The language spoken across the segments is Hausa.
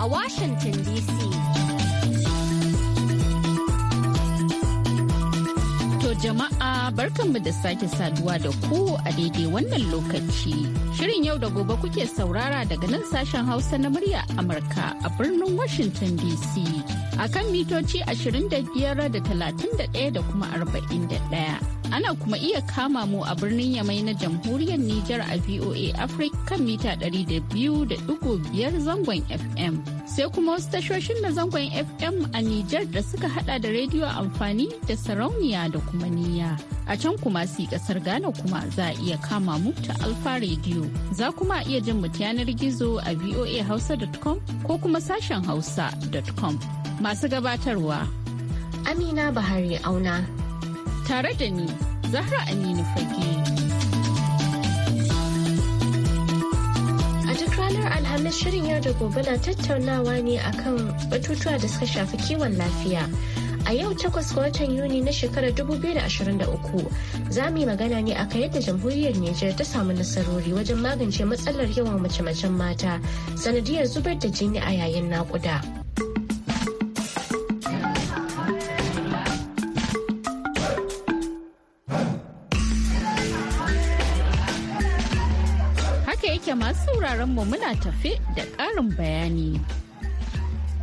a Washington DC. To jama'a barkanmu da sake saduwa da ku a daidai wannan lokaci. Shirin yau da gobe kuke saurara daga nan sashen Hausa na murya Amurka a birnin Washington DC. A kan mitoci 25 da 31 da kuma 41. Ana kuma iya kama mu a birnin Yamai na jamhuriyar Nijar a VOA Africa kan mita 200.5 zangon FM. Sai kuma wasu tashoshin na zangon FM a Nijar da suka hada da rediyo amfani da sarauniya da kuma niya A can kuma si kasar Ghana kuma za a iya kama mu ta Alfa rediyo Za kuma iya jin mu yanar gizo a voahausa.com ko kuma sashen hausa.com. Masu gabatarwa. Amina Bahari Auna. tare da ni Zahra Aminu Fage. A duk ranar Alhamis shirin yau da gobe na tattaunawa ne akan batutuwa da suka shafi kiwon lafiya. A yau takwas ga watan Yuni na shekarar 2023 za mu yi magana ne akan yadda jamhuriyar Nijar ta samu nasarori wajen magance matsalar yawan mace-macen mata sanadiyar zubar da jini a yayin nakuda. sauraron mu muna tafe da ƙarin bayani.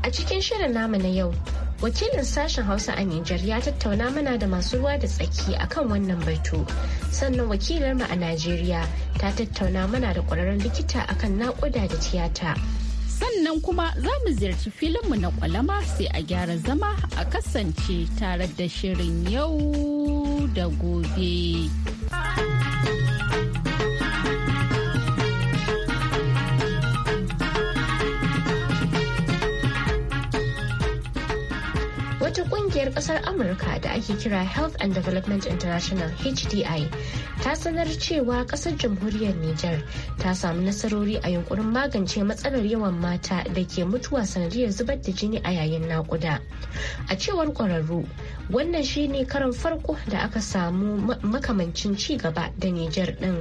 A cikin shirin namu na yau, wakilin sashen Hausa a Nijar ya tattauna mana da masu ruwa da tsaki akan wannan batu. Sannan wakilar mu a Najeriya ta tattauna mana da ƙwararren likita akan naƙuda da tiyata. Sannan kuma za mu ziyarci mu na kwalama sai a gyara zama a kasance tare da shirin yau da gobe. kungiyar kasar amurka da ake kira health and development international hdi ta sanar cewa kasar jamhuriyar niger ta samu nasarori a yunkurin magance matsalar yawan mata da ke mutuwa sanadiyar zubar da jini a yayin nakuda a cewar kwararru wannan shine karan farko da aka samu makamancin ci gaba da niger din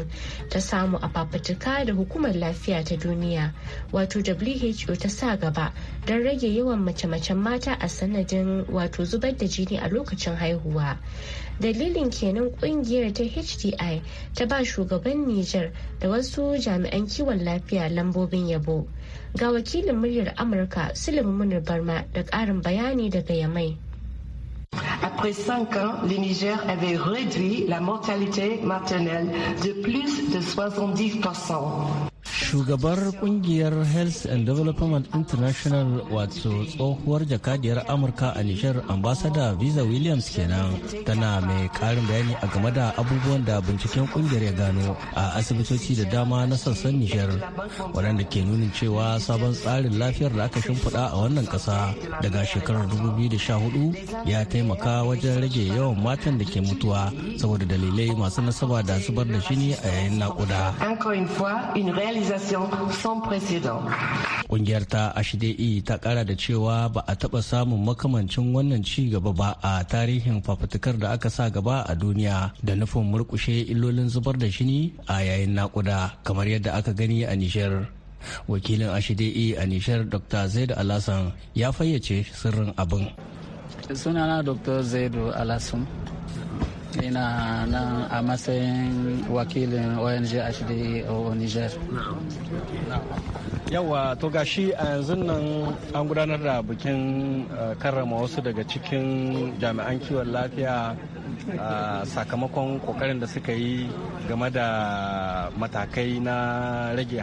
ta samu a fafutuka da hukumar lafiya ta duniya wato who ta sa gaba don rage yawan mace-macen mata a sanadin wato zubar zubar da jini a lokacin haihuwa dalilin kenan kungiyar ta hdi ta ba shugaban niger da wasu jami'an kiwon lafiya lambobin yabo ga wakilin muryar amurka sulaiman barma da ƙarin bayani daga yamai Après cinq ans, le Niger avait réduit la mortalité maternelle de plus de 70%. shugabar kungiyar health and development international wato tsohuwar jakadiyar amurka a nijar ambasada visa williams kenan tana mai karin bayani a game da abubuwan da binciken kungiyar ya gano a asibitoci da dama na sassan nijar wadanda ke nunin cewa sabon tsarin lafiyar da aka shimfiɗa a wannan ƙasa daga shekarar 2014 ya taimaka wajen rage yawan matan da ke mutuwa saboda dalilai masu nasaba da zubar da shini a yayin naƙuda. ƙungiyar sans précédent. Kungiyar ta HDE ta kara da cewa ba a taba samun makamancin wannan ci gaba ba a tarihin fafutukar da aka sa gaba a duniya da nufin murkushe illolin zubar da shini a yayin nakuda kamar yadda aka gani a Nijar. Wakilin HDE a Nijar Dr. Zaid Alasan ya fayyace sirrin abin. Sunana Dr. Zaidu Alasan. ina nan a matsayin wakilin ong hd O niger yawa to gashi a yanzu nan an gudanar da bikin uh, karrama wasu daga cikin jami'an kiwon lafiya uh, sakamakon kokarin da suka yi game da matakai na rage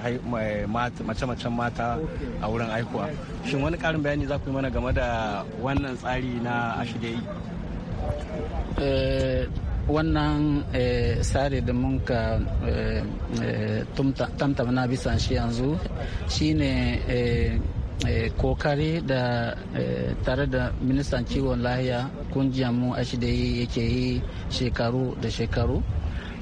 mace-macen mata a wurin aikuwa shin wani karin bayani za ku yi mana game da wannan tsari na ashidai Eh, wannan tsari eh, da mun ka eh, tamtamna bisan shi yanzu shine kokari da tare da ministan kiwon lahiya kungiyar mu a da yake yi shekaru da shekaru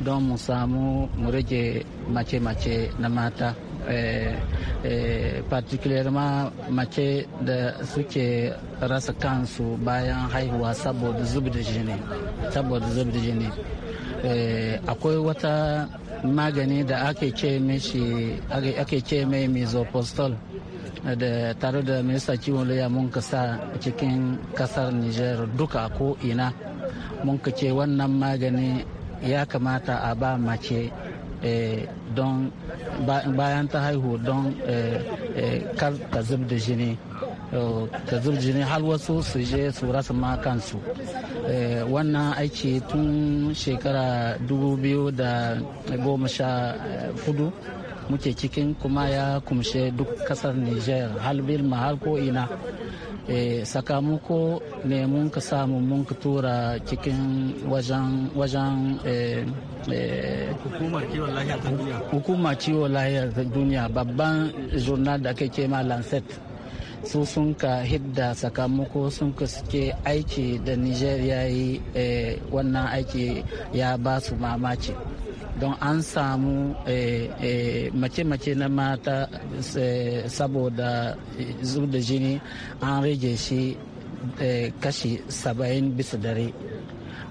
don mu samu mu rage mace-mace na mata Eh, eh, particularma mace da suke rasa kansu bayan haihuwa saboda zub da jini saboda zub da jini eh, akwai wata magani da ake ce mai ake ce mai mizopostol da tare da minista kiwon lauya mun kasa cikin kasar niger duka ko ina mun ce wannan magani ya kamata a ba mace Eh, don bayan ta haihu don eh, eh, kar ta zub da jini ta zub jini har wasu su je su rasa ma kansu wannan aiki tun shekara 2014 muke cikin kuma ya kumshe duk kasar niger halbir ma har ko ina Eh, sakamako ne mun ka samu mun ka tura cikin wajen eh, eh, hukumar ciwon lahiyar ta duniya babban journal da ake kema lancet su sun ka hidda sakamako sun ka suke aiki da nigeria yi wannan aiki ya ba su mamaci don an samu eh, eh, mace-mace na mata eh, saboda zub da jini an rage shi kashi saba'in bisa dare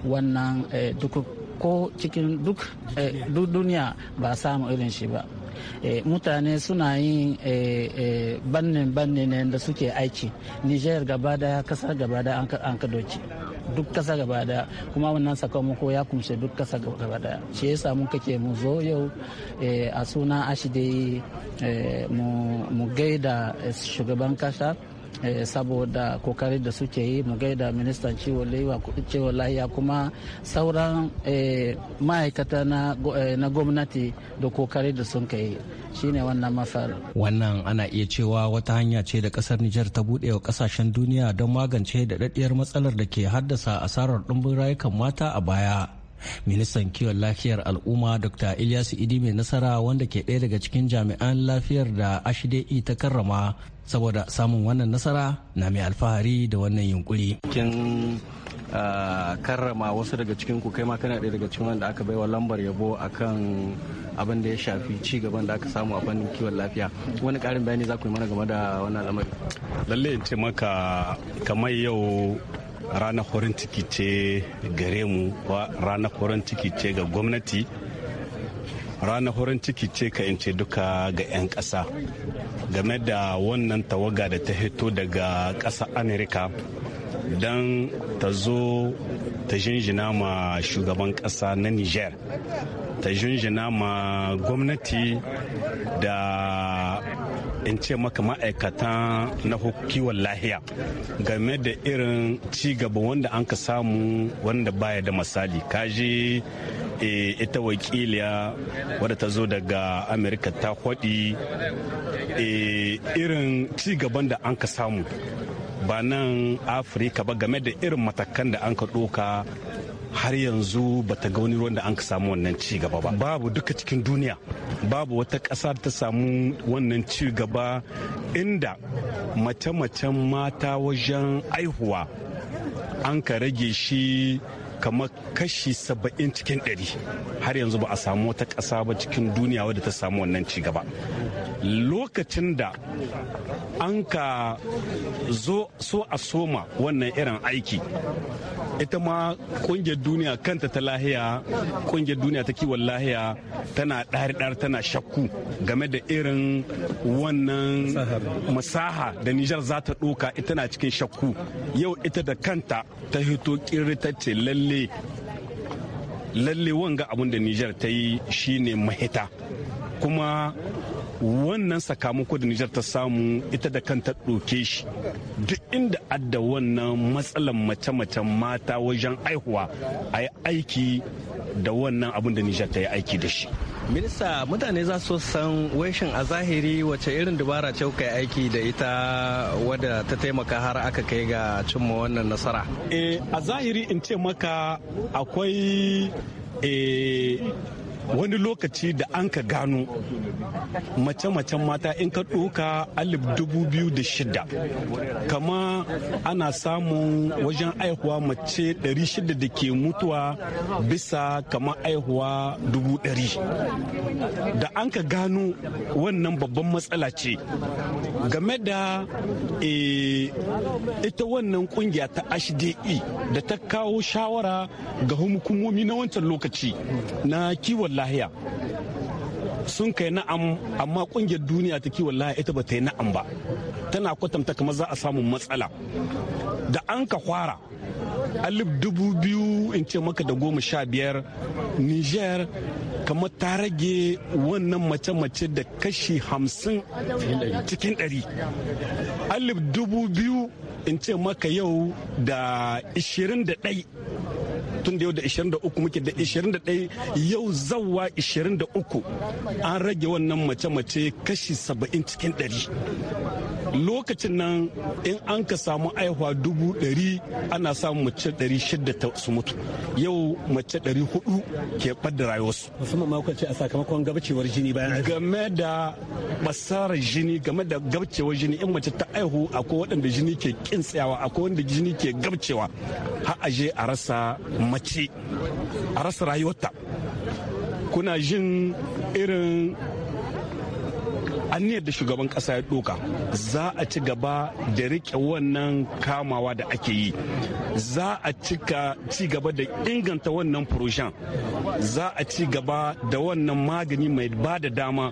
wannan duk ko cikin duk duniya ba samu irin shi ba mutane suna yin bannin bannin da suke aiki niger gaba daya kasar gaba daya an ka doki duk kasa gaba daya kuma wannan sakamako ya kumshe duk kasa gaba daya shi yasa mun kake mu zo yau eh, a suna ashi dai eh, mu gaida eh, shugaban kasa Eh, saboda kokarin da suke yi mu gaida ministan ciwon lahiya kuma sauran eh, ma'aikata eh, na gwamnati da kokarin da sun kai shine wannan mafar wannan ana iya cewa wata hanya ce da kasar nijar ta bude wa kasashen duniya don magance da matsalar da ke haddasa asarar ɗumbin rayukan mata a baya ministan kiwon lafiyar al'umma dr ilyasu idi mai nasara wanda ke ɗaya daga cikin jami'an lafiyar da ashidai ta karrama saboda samun wannan nasara na mai alfahari da wannan yunkuri kin ah, karrama wasu daga cikin ku kai ma kana ɗaya daga cikin wanda aka baiwa lambar yabo akan abin da ya shafi ci gaban da aka samu a fannin kiwon lafiya wani karin bayani za ku yi mana game da wannan al'amari lalle in ce maka kamar yau ranar horin ciki ce gare mu ranar horin ciki ce ga gwamnati ranar horin ciki ce ka in ce duka ga 'yan ƙasa game da wannan tawaga da ta hito daga ƙasa amerika don ta zo ta jinjina ma shugaban ƙasa na niger ta jinjina ma gwamnati da in ce maka ma'aikata na kiwon lahiya game da irin ci gaba wanda an ka samu wanda baya da misali kaji eh, ita wakiliya wadda ta zo daga amerika ta e irin cigaban da an ka samu ba nan afirka ba game da irin matakan da an ka doka. har yanzu bata ga wani ruwan da an ka samu wannan ci gaba ba babu duka cikin duniya babu wata ƙasa ta samu wannan ci gaba inda mace-macen mata wajen aihuwa an ka rage shi kamar kashi saba'in cikin ɗari har yanzu ba a samu wata ƙasa ba cikin duniya wadda ta samu wannan ci gaba lokacin da an ka zo so a soma wannan irin aiki ita ma kungiyar duniya kanta ta lahiya kungiyar duniya ta kiwon lahiya tana dari dari tana shakku game da irin wannan masaha da nijar za ta ɗoka ita na cikin shakku yau ita da kanta ta hito ta ce lalle lalle wanga abun da nijar ta yi shine mahita kuma wannan sakamako da Nijar ta samu ita da kanta ɗauke shi duk inda adda wannan matsalan mace-macen mata wajen aihuwa a yi aiki da wannan abin da Nijar ta yi aiki da shi. Minista mutane za su san weshin a zahiri wace irin dubara ce kuka yi aiki da ita wadda ta taimaka har aka kai ga cimma wannan nasara. Eh, a zahiri in ce maka akwai eh, wani lokaci da an ka gano mace-macen mata in ka ɗoka alif dubu biyu da shida kama ana samun wajen aihuwa mace ɗari shida da ke mutuwa bisa kama aihuwa dubu ɗari da an ka gano wannan babban matsala ce game da e, ita wannan kungiya ta hde da ta kawo shawara ga hukumomi na wancan lokaci na kiwon lahiya sun kai na'am amma kungiyar duniya ta kiwon lahiya ita ba ta yi na'am ba tana kwatanta kamar za a samu matsala da an ka fara alif dubu biyu in ce maka da goma sha biyar niger kamar ta rage wannan mace-mace da kashi hamsin cikin ɗari alif dubu biyu in ce maka yau da ishirin da ɗai tun da yau da 23 muke da 21 yau zawa 23 an rage wannan mace-mace kashi 70 cikin 100 lokacin nan in an ka samu aihuwa dubu ɗari ana samun mace ɗari shida su mutu yau mace ɗari hudu ke ɓadda rayuwarsu musamman ma a sakamakon gabcewar jini bayan game da basarar jini game da gabcewar jini in mace ta aihu akwai waɗanda jini ke kin tsayawa akwai wanda jini ke gabcewa har aje a rasa mace a rasa rayuwarta kuna jin irin aniyar da shugaban kasa ya doka za a ci gaba da rike wannan kamawa da ake yi za a cika ci gaba da inganta wannan furoshan za a ci gaba da wannan magani mai ba da dama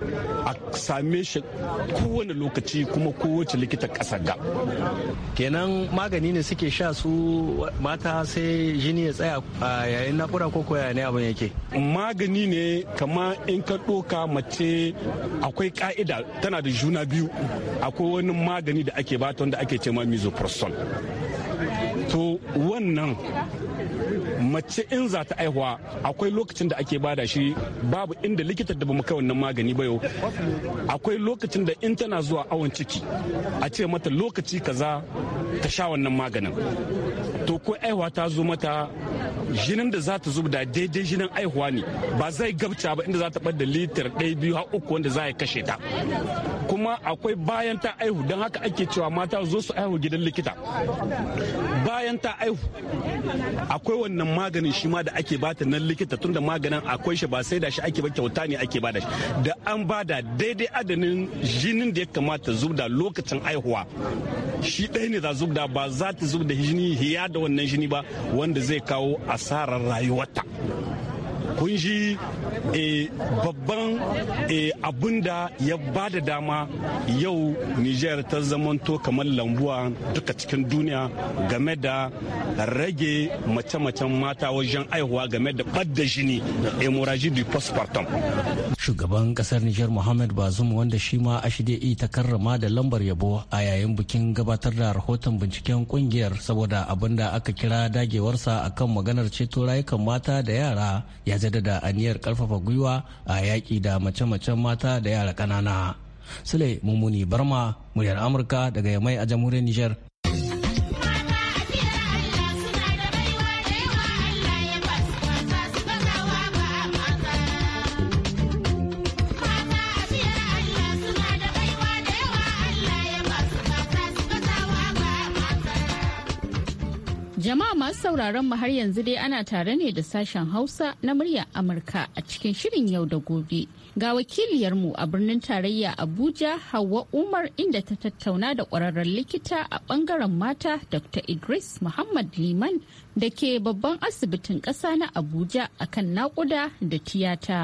a same shi kowane lokaci kuma kowace likita kasa ga kenan magani ne suke sha su mata sai jini ya tsaya a yayin nakura ko koya ne abin yake magani ne kama in ka doka mace akwai ka'ida tana da juna biyu akwai wani magani da ake bata wanda ake ce ma misoprostol to wannan mace in za ta aihuwa akwai lokacin da ake bada shi babu inda likita da bamu kai wannan magani ba yau akwai lokacin da in tana zuwa awon ciki a ce mata lokaci kaza ta sha wannan maganin to ko aihuwa ta zo mata jinin da za ta zuba da daidai jinin aihuwa ne ba zai gabta ba inda za ta bada litar ɗaya biyu har uku wanda za ya kashe ta kuma akwai bayan ta aihu don haka ake cewa mata zo su aihu gidan likita bayan ta aihu akwai wannan maganin shi ma da ake bata nan likita tunda maganin akwai shi ba sai da shi ake ba kyauta ne ake bada shi da an bada daidai adadin jinin da ya kamata zubda lokacin aihuwa shi ɗaya ne za zubda ba za ta zubda jini hiya da wannan jini ba wanda zai kawo asarar rayuwarta kun shi e, babban e, abun da ya ba da dama yau niger ta zamanto kamar lambuwa duka cikin duniya game da rage mace-macen mata wajen aihuwa game da ɓadda jini hemorrhage du postpartum shugaban kasar niger mohamed bazoum wanda shi ma a ashide ta karrama da lambar yabo a yayin bikin gabatar da rahoton binciken kungiyar saboda abin da aka kira dagewarsa akan maganar ceto rayukan mata da yara ya jaddada aniyar karfafa gwiwa a yaƙi da mace-macen mata da yara ƙanana. Sule Mummuni Barma, muryar Amurka daga Yamai a jamhuriyar Nijar. sauraron mu har yanzu dai ana tare ne da sashen Hausa na muryar Amurka a cikin shirin yau da gobe. Ga wakiliyarmu a birnin tarayya Abuja Hauwa Umar inda ta tattauna da ƙwararren likita a ɓangaren mata Dr. Idris Muhammad Liman da ke babban asibitin ƙasa na Abuja akan naƙuda da tiyata.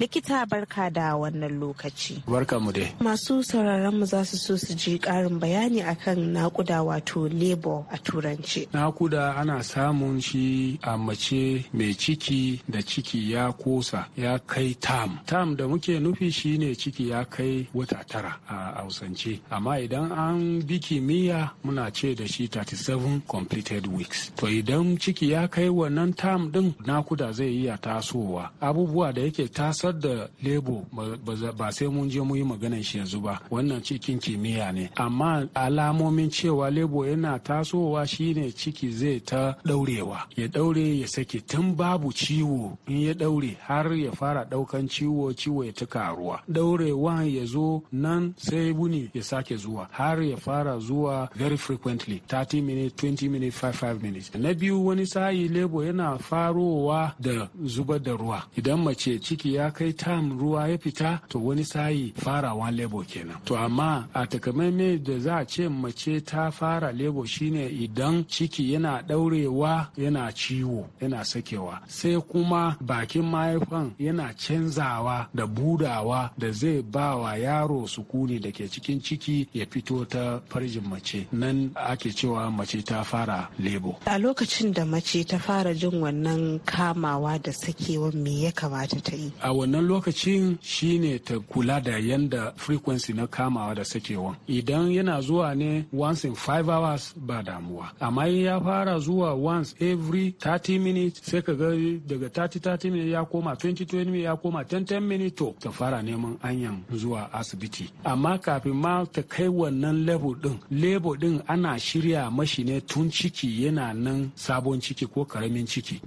Likita barka da wannan lokaci. Barka mu dai. Masu sauraron mu za su so su ji ƙarin bayani akan nakuda wato labor a turanci. Nakuda ana samun shi a mace mai ciki da ciki ya kosa ya kai tam. Tam da muke nufi shi ne ciki ya kai wata tara a hausance. Amma idan an bi kimiyya muna ce da shi 37 completed weeks. To idan ciki ya kai wannan tam din nakuda zai iya tasowa. Abubuwa da yake tasa cutar da lebo ba sai mun je muyi maganan shi yanzu ba wannan cikin kimiyya ne amma alamomin cewa lebo yana tasowa shine ciki zai ta daurewa ya daure ya sake tun babu ciwo in ya daure har ya fara daukan ciwo ciwo ya ta karuwa daurewa ya zo nan sai wuni ya sake zuwa har ya fara zuwa very frequently 30 minutes 20 minutes 55 minutes na biyu wani sa'i lebo yana farowa da zubar da ruwa idan mace ciki ya kai tam ruwa ya fita to wani sayi farawa lebo kenan to amma a takamaime da za a ce mace ta fara lebo shine idan ciki yana daurewa yana ciwo yana sakewa sai kuma bakin mahaifan yana canzawa da budawa da zai ba wa yaro sukuni da ke cikin ciki ya fito ta farjin mace nan ake cewa mace ta fara lebo a lokacin da mace ta fara jin wannan kamawa da sakewa me ya kamata ta yi a wannan lokacin shine ta kula da yanda frequency na kamawa da sakewan idan yana zuwa ne once in 5 hours ba damuwa amma in ya fara zuwa once every 30 minutes sai ka ga daga 30 30 minutes ya koma 20 20 ya koma 10 10 minutes to ta fara neman anyan zuwa asibiti amma kafin ma ta kai wannan level din level din ana shirya mashi ne tun ciki yana nan sabon ciki ko karamin ciki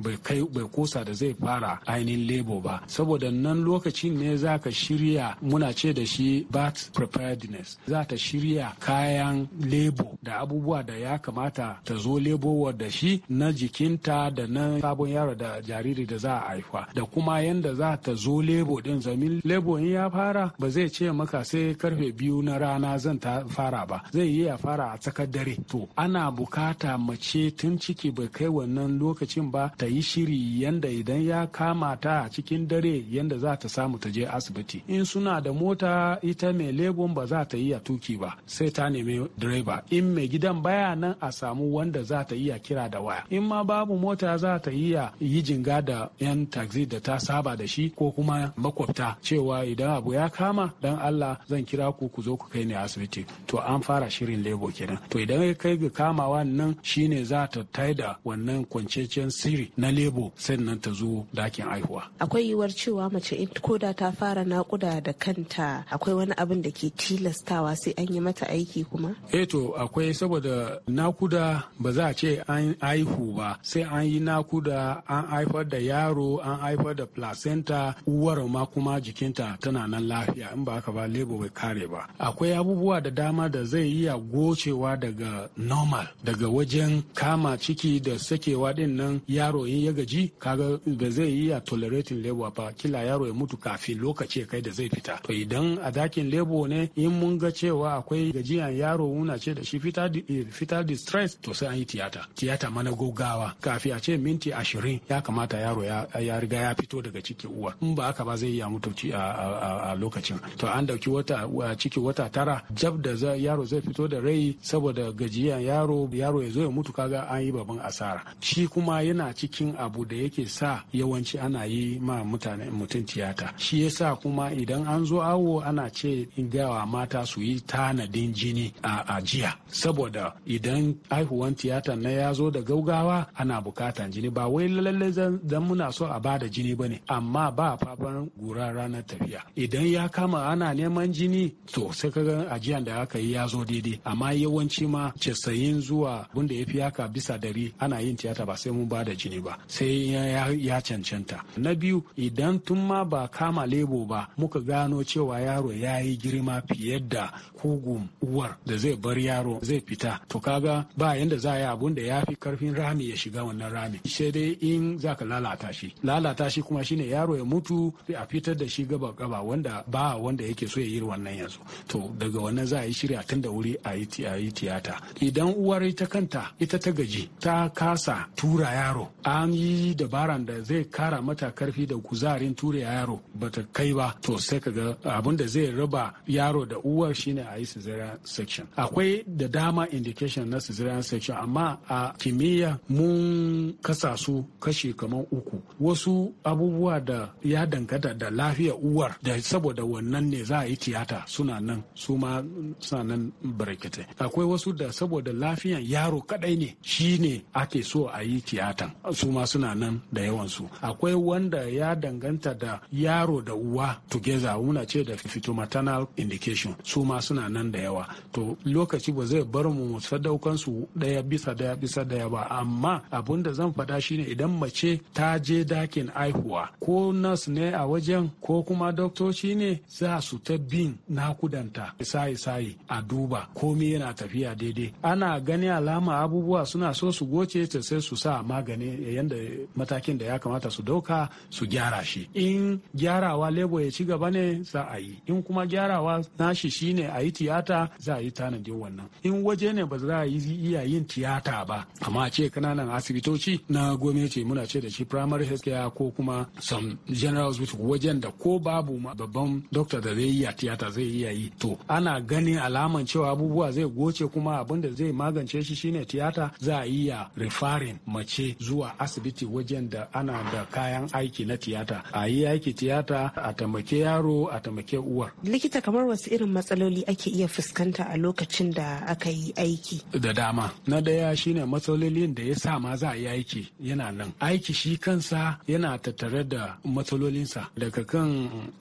bai kosa da zai fara ainihin lebo ba saboda nan nan lokacin ne za ka shirya muna ce da shi bat preparedness za ta shirya kayan lebo da abubuwa da ya kamata ta zo lebowa da shi na jikinta da na sabon yaro da jariri da za a haifa da kuma yadda za ta zo lebo din zamin lebo in ya fara ba zai ce maka sai karfe biyu na rana zan ta fara ba zai yi ya fara a tsakar dare to ana bukata mace tun ciki bai kai wannan lokacin ba ta yi shiri yanda idan ya kama ta a cikin dare yanda za ta samu ta je asibiti in suna da mota ita mai lebon ba za ta iya tuki ba sai ta nemi direba in mai gidan baya nan a samu wanda za ta iya kira da waya in ma babu mota za ta iya yi jinga da yan taxi da ta saba da shi ko kuma makwabta cewa idan abu ya kama dan Allah zan kira ku ku zo ku kai ni asibiti to an fara shirin lebo kenan to idan ya kai ga kamawa nan shine za ta da wannan kwanciyar sirri na lebo sannan ta zo dakin aihuwa akwai yiwuwar cewa mace in ko da ta fara nakuda da kanta akwai wani abin da ke tilastawa sai an yi mata aiki kuma? Eh to akwai saboda nakuda ba za a ce an haihu ba sai an yi nakuda an haifar da yaro an haifar da placenta uwar ma kuma jikinta tana nan lafiya in ba haka ba lebo bai kare ba. Akwai abubuwa da dama da zai iya gocewa daga normal daga wajen kama ciki da sakewa din nan yaro in ya gaji kaga da zai iya tolerating labor ba kila yaro ya mutu kafin lokaci ya kai da zai fita to idan a dakin lebo ne in mun ga cewa akwai gajiyan yaro muna ce da shi fitar eh, distress to sai an yi tiyata tiyata mana gaggawa kafin a ce minti ashirin ya kamata yaro ya riga ya fito daga ciki uwa in ba haka ba zai iya mutu a lokacin to an dauki wata ciki wata tara jab da yaro zai fito da rai saboda gajiyan yaro yaro ya zo ya mutu kaga an yi babban asara shi kuma yana cikin abu da yake sa yawanci ana yi ma mutane mutum yin tiyata shi yasa kuma idan an zo awo ana ce in gawa mata su yi tanadin jini a ajiya saboda idan haihuwan tiyata na ya zo da gaugawa ana bukatan jini ba wai lalle dan muna so a bada jini bane amma ba fafan gura ranar tafiya idan ya kama ana neman jini to sai kaga ajiyan da aka yi ya zo daidai amma yawanci ma casayin zuwa bunda ya fi haka bisa dari ana yin tiyata ba sai mun bada jini ba sai ya cancanta na biyu idan tun ma ba kama lebo ba muka gano cewa yaro ya yi girma fiye da kugun uwar da zai bar yaro zai fita to kaga ba yanda za yi abun da ya fi karfin rami ya shiga wannan rami sai dai in za ka lalata shi lalata shi kuma shine yaro ya mutu a fitar da shi gaba gaba wanda ba wanda yake so ya yi wannan yanzu to daga wannan za a yi shirya tun da wuri a yi tiyata idan uwar ita kanta ita ta gaji ta kasa tura yaro an yi dabaran da zai kara mata karfi da kuzarin ture bari yaro bata kai ba to sai ka ga abin da zai raba yaro da uwar shine a yi cesarean section akwai da dama indication na cesarean section amma a kimiyya mun kasa su kashi kamar uku wasu abubuwa da ya dangata da lafiyar uwar da saboda wannan ne za a yi tiyata suna nan su ma suna nan barkatai akwai wasu da saboda lafiyan yaro kadai ne shi ne ake so a yi tiyatan su ma suna nan da yawansu akwai wanda ya danganta da da yaro da uwa together muna ce da fitomaternal indication su ma suna nan da yawa to lokaci ba zai bar mu sadaukan su daya bisa daya bisa daya ba amma abun da zan faɗa shine idan mace ta je dakin aihuwa ko nurse ne a wajen ko kuma doktoci ne za su ta bin nakudanta sayi sayi a duba komai yana tafiya daidai ana gani alama abubuwa suna so su goce ta sai su sa magani yanda matakin da ya kamata su dauka su gyara shi in in gyarawa lebo ya ci gaba ne za a yi in kuma gyarawa nashi shine a yi tiyata za a yi tanadin wannan in waje ne ba za a yi iya yin tiyata ba amma ce kananan asibitoci na gwamnati muna ce da shi primary health care ko kuma some general hospital wajen da ko babu babban doctor da zai iya tiyata zai iya yi to ana ganin alaman cewa abubuwa zai goce kuma abin da zai magance shi shine tiyata za a iya referring mace zuwa asibiti wajen da ana da kayan aiki na tiyata a yi yaki tiyata a taimake yaro a taimake uwar. Likita kamar wasu irin matsaloli ake iya fuskanta a lokacin da aka yi aiki? Da dama. Na daya shine matsalolin da ya sa ma za a yi aiki yana nan. Aiki shi kansa yana tattare da matsalolinsa daga kan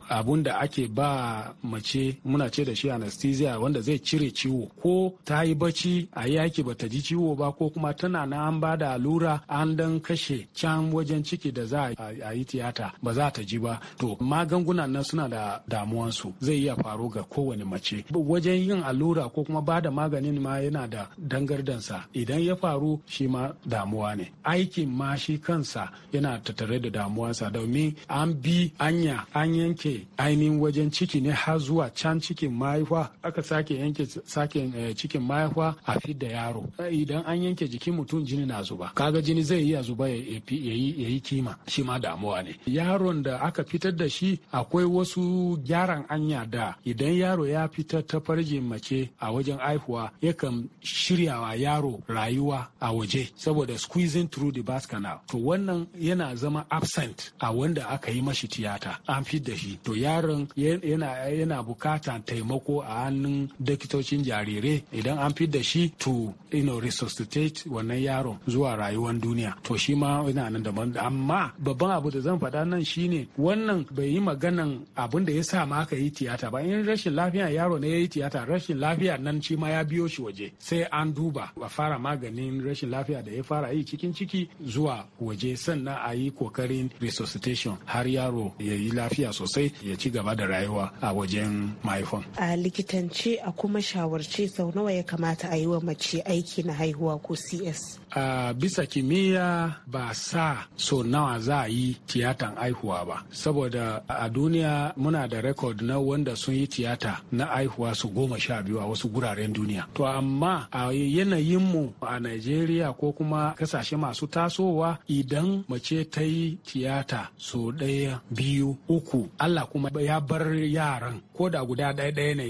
abun da ake ba mace muna ce da shi anesthesia wanda zai cire ciwo ko ta yi bacci a yi aiki bata ji ciwo ba ko kuma tana na an ba da allura an dan kashe can wajen ciki da za a yi tiyata ba za ta ji ba to magunguna nan suna da damuwansu zai iya faru ga kowane mace wajen yin allura ko kuma ba da maganin ma yana da dangardansa idan ya faru shi ma damuwa ne aikin ma shi kansa yana tattare da damuwarsa domin an bi anya an yanke ainihin wajen ciki ne har zuwa can cikin mahaifa aka sake yanke sake eh, cikin mahaifa a fidda yaro idan an yanke jikin mutum jini na zuba kaga jini zai iya zuba ya yi kima shi ma damuwa ne yaron da aka fitar da shi akwai wasu gyaran anya da idan yaro ya fitar ta farjin mace a wajen aihuwa yakan shiryawa yaro rayuwa a waje saboda squeezing through the birth canal to wannan yana zama absent a wanda aka yi mashi tiyata an fi da shi to yaron yana yana bukata taimako a hannun dakitocin jarirai idan an fi da shi to you know, resuscitate wannan yaron zuwa rayuwar duniya to shi ma yana nan daban amma babban abu da zan faɗa nan shine wannan bai yi maganan abin da ya sa ma aka yi tiyata ba in rashin lafiya yaro ne ya yi tiyata rashin lafiya nan shi ma ya biyo shi waje sai an duba a fara maganin rashin lafiya da ya fara yi cikin ciki zuwa waje sannan a yi kokarin resuscitation har yaro ya yi lafiya sosai ya ci gaba da rayuwa a wajen mahaifan. a likitance a kuma shawarce sau nawa ya kamata a yi wa mace aiki na haihuwa ko cs a bisa kimiyya ba sa so nawa za a yi tiyatan haihuwa ba saboda a duniya muna da rekod na wanda sun yi tiyata na aihuwa su goma sha biyu a wasu guraren duniya to amma a yanayinmu a najeriya ko kuma kasashe masu tasowa idan mace ta yi tiyata so ɗaya biyu uku allah kuma ya bar yaran ko da guda ɗaya ɗaya ne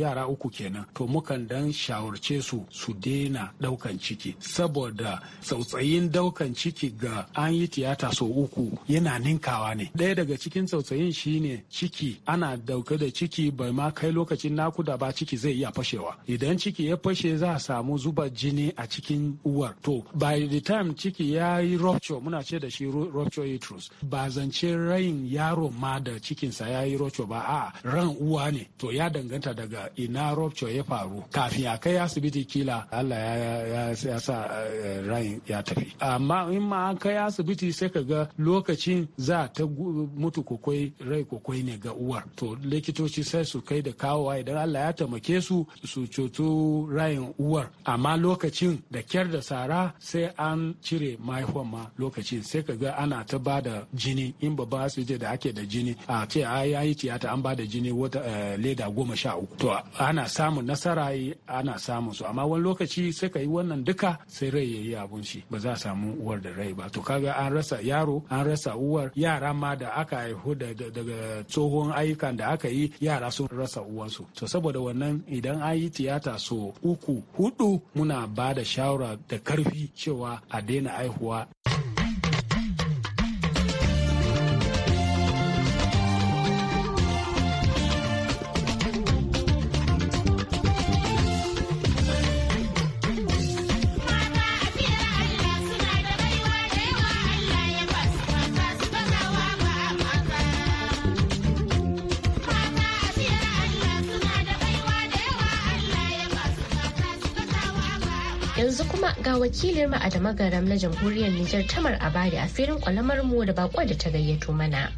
yara uku kenan to mukan dan shawarce su su daina ɗaukan ciki saboda sautsayin ɗaukan ciki ga an yi tiyata so uku yana ninkawa ne ɗaya daga cikin tsautsayin shine ciki ana dauke da ciki bai ma kai lokacin naku da ba ciki zai iya fashewa idan ciki ya fashe za a samu zuba jini a cikin uwar to by the time ciki ya yi rupture muna ce da shi rupture uterus ba zance rayin yaro ma da cikinsa ya yi rupture ba a ran uwa ne to ya danganta daga ina rupture ya faru kafin a kai asibiti kila Allah ya sa eh, rain ya tafi amma in ma an kai asibiti sai ka ga lokacin za ta mutu kokwai rai kokwai ne ga uwar to likitoci sai su kai da kawowa idan allah ya taimake su su ceto rayin uwar amma lokacin da kyar da sara sai an cire mahaifuwan ma lokacin sai ka ga ana ta ba da jini in ba su je da ake da jini a ce a yayi tiyata an ba da jini wata eh, leda goma sha uku to ana samun nasara ana samun su amma wani lokaci sai ka yi wannan duka sai rai ya yi abun shi ba za a samu uwar da rai ba to kaga an rasa yaro an rasa uwar yara ma da da aka haihu daga tsohon ayyukan da aka yi yara sun rasa uwansu to saboda wannan idan an yi tiyata so uku hudu muna ba da shawara da karfi cewa a daina aihuwa Yanzu kuma ga wakilin mu a da magaram na jamhuriyar Nijar Tamar Abari a filin kwalamar mu da bako da ta gayyato mana.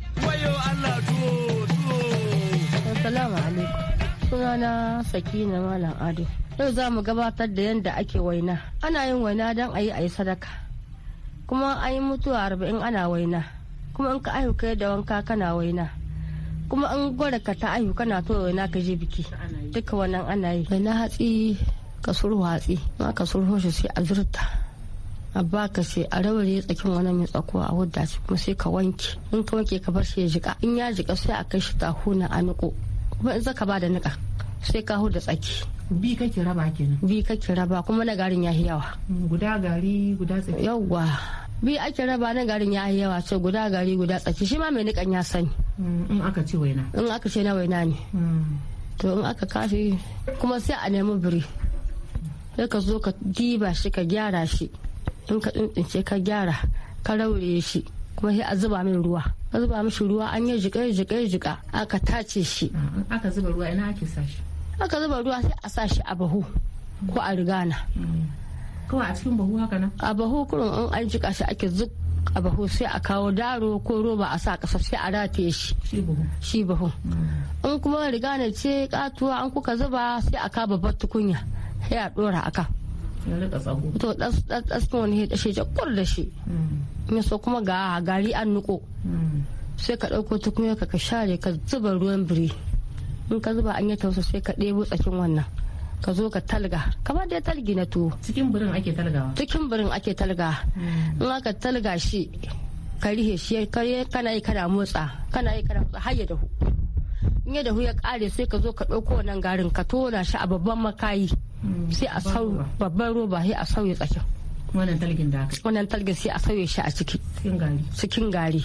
Assalamu alaikum. Sunana Sakina Malam Ado. Yau za mu gabatar da yadda ake waina. Ana yin waina don a yi a yi sadaka. Kuma an yi mutuwa arba'in ana waina. Kuma in ka aihu kai da wanka kana waina. Kuma an gwada ka ta aihu kana to waina ka je biki. Duka wannan ana yi. Waina hatsi ka hatsi ma ka surho shi sai a zurta a baka sai a rawar tsakin wani mai tsakuwa a wadda shi kuma sai ka wanke in ka wanke ka bar shi ya jika in ya jika sai a kai shi huna a niko kuma in zaka ba da niƙa sai ka huda tsaki bi kake raba kenan bi kake raba kuma na garin ya yawa guda gari guda tsaki Yawa. bi ake raba na garin ya yawa ce guda gari guda tsaki shi ma mai nikan ya sani mm, in aka ce waina in aka ce na waina ne mm. to in aka kashi kuma sai a nemi biri sai ka zo ka diba shi ka gyara shi in ka tsintsince ka gyara ka raure shi kuma sai a zuba min ruwa ka zuba mishi ruwa an yi jiƙa jika jiƙa aka tace shi mm-hmm. aka zuba ruwa ina ake sa shi aka zuba ruwa sai a sa shi a bahu ko a rigana mm-hmm. kawai a cikin bahu haka nan a bahu kurun in an jiƙa shi ake zuk a bahu sai a kawo daro ko roba a sa kasa sai a rataye shi shi bahu mm-hmm. in kuma rigana ce katuwa an kuka zuba sai a kaba babbar tukunya ya dora aka to ɗaskin wani ya shi jakkur da shi mai mm. so kuma ga gari an nuko mm. sai ka ɗauko tukunya kuma ka share ka zuba ruwan biri in ka zuba an yi tausa sai ka ɗebo tsakin wannan ka zo ka talga kamar dai talgi na tuwo cikin birin ake talgawa cikin birin ake talga mm. in aka talga shi ka rihe shi kana yi kana motsa kana yi kana motsa har da hu in ya hu ya kare sai ka zo ka ɗauko wannan garin ka tona shi a babban makayi sai a sau babban roba sai a sauya tsakin wannan talgin da aka wannan talgin sai a sauya shi a ciki cikin gari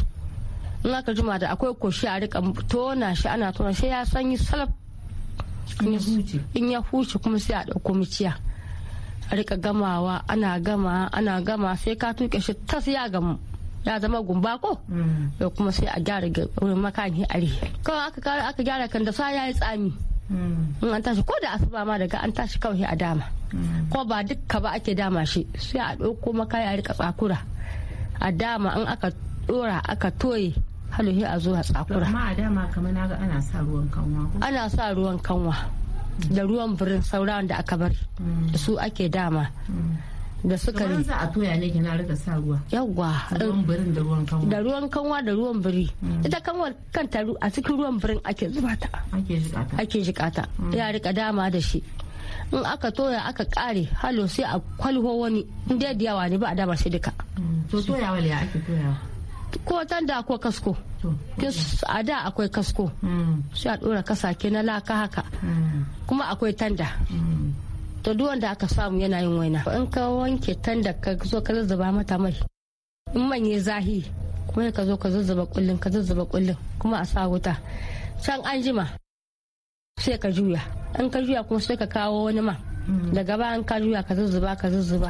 in aka jima da akwai koshi a rika tona shi ana tona sai ya sanyi salaf in ya huce kuma sai a dauko miciya a rika gamawa ana gama ana gama sai ka tuke shi tas ya gamu ya zama gumba ko da mm. kuma sai a gyara wurin makani a kawai aka gyara kan da sa ya yi tsami Mm. in an tashi ko da asuba ma daga an tashi kawai a dama mm. ko ba dukka ba ake dama shi sai a ɗauko maka a rika tsakura a dama in aka ɗora aka toye halohi a zuwa a tsakura amma a dama kamar na ga ana sa ruwan kanwa ana sa ruwan kanwa mm. da ruwan birin sauran da aka bar su ake dama da sukari za a toya ne kina rika sa ruwa yawwa da ruwan kanwa da ruwan kanwa da ruwan biri mm. ita kanwa kanta a cikin ruwan birin ake zuba ta ake ta mm. ya rika dama da shi in aka toya aka kare halo sai a kwalho wani in da yawa ne ba a dama shi duka mm. to wale ya ake toyawa ko da ko kasko a da akwai kasko sai a dora kasake na laka haka kuma akwai tanda to duk wanda aka samu yana yin waina in ka wanke tan da ka zo ka zazzaba mata mai in manye zahi kuma ka zo ka zazzaba kullun ka zazzaba kullun kuma a sa wuta can an jima sai ka juya in ka juya kuma sai ka kawo wani ma mm. daga an ka juya ka zazzaba ka zazzaba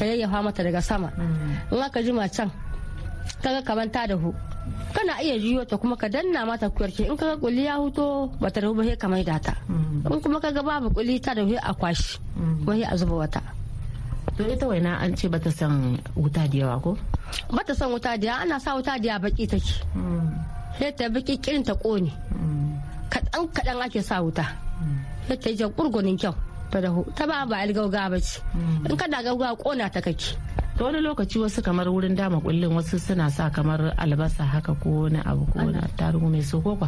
ka yayyafa mata daga sama mm. in aka jima can kaga kaman ta dahu kana iya juyo ta kuma ka danna mata kuyarki in kaga kuli ya huto ba ta ba sai kamar da ta in kuma kaga babu kuli ta da hu a kwashi ba mm. a zuba wata to ita waina an ce bata san wuta da yawa ko bata san wuta da ana sa wuta da baki take sai mm. ta baki kirin ta kone mm. kadan kadan ake sa wuta sai ta je jan kurgunin kyau ta dahu ta ba ba algauga ba ce in kana gauga kona ta kake Ta wani lokaci wasu kamar wurin dama kullum wasu suna sa kamar albasa haka ko wani abu ko wani attarugu mai so ko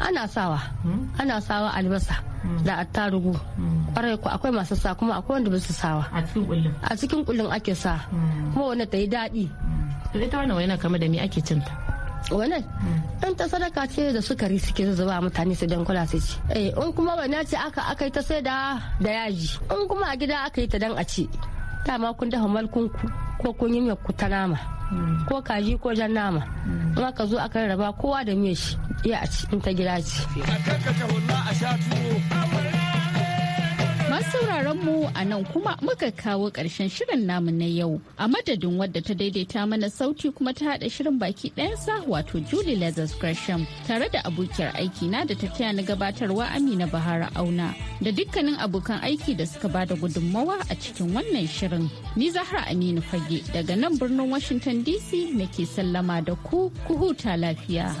ana sawa hmm? ana sawa albasa hmm. da attarugu hmm. kwarai ku akwai masu sa kuma akwai wanda basu su sawa a cikin kullum ake sa kuma wanda ta yi daɗi to ita wannan wani kama da me ake cinta wannan in ta sadaka ce da sukari suke zuba mutane su dan kula su ci eh in kuma wani ce aka aka yi ta sai da da yaji in kuma a gida aka yi ta dan a ci dama kun dafa ku ko kun yi ku ta nama ko kaji ko jan nama in aka zo aka raba kowa da miyar shi iya a cikin ta gida ce. A karkata a sha tuwo. Masu mu a nan kuma muka kawo ƙarshen shirin namu na yau. A madadin wadda ta daidaita mana sauti kuma ta haɗa shirin baki ɗayansa wato Julie Lazarus Gresham tare da abokiyar aiki na da ta na gabatarwa Amina Bahara Auna da dukkanin abokan aiki da suka bada gudunmawa a cikin wannan shirin. Ni Zahra Aminu Fage daga nan birnin Washington DC nake sallama da ku ku huta lafiya.